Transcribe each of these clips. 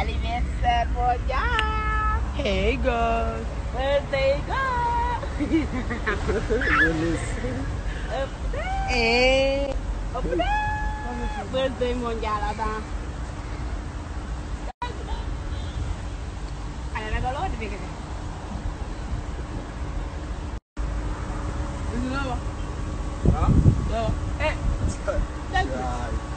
Anniversaire mondial. Hey girls. Birthday girl. hey. Birthday mondial Adam. Ada nak kalau ada dekat. Ini apa? Ha? Eh. Thank you.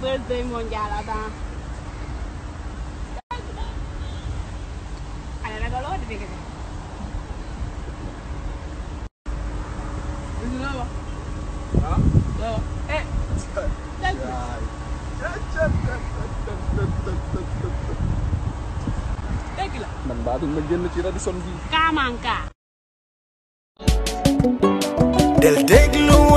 birthday mondial attends. Ada ada di dekat. Ini apa? Hah? Man baa duñ ma génn ci Radisson bi. Kaamanka. Del déglu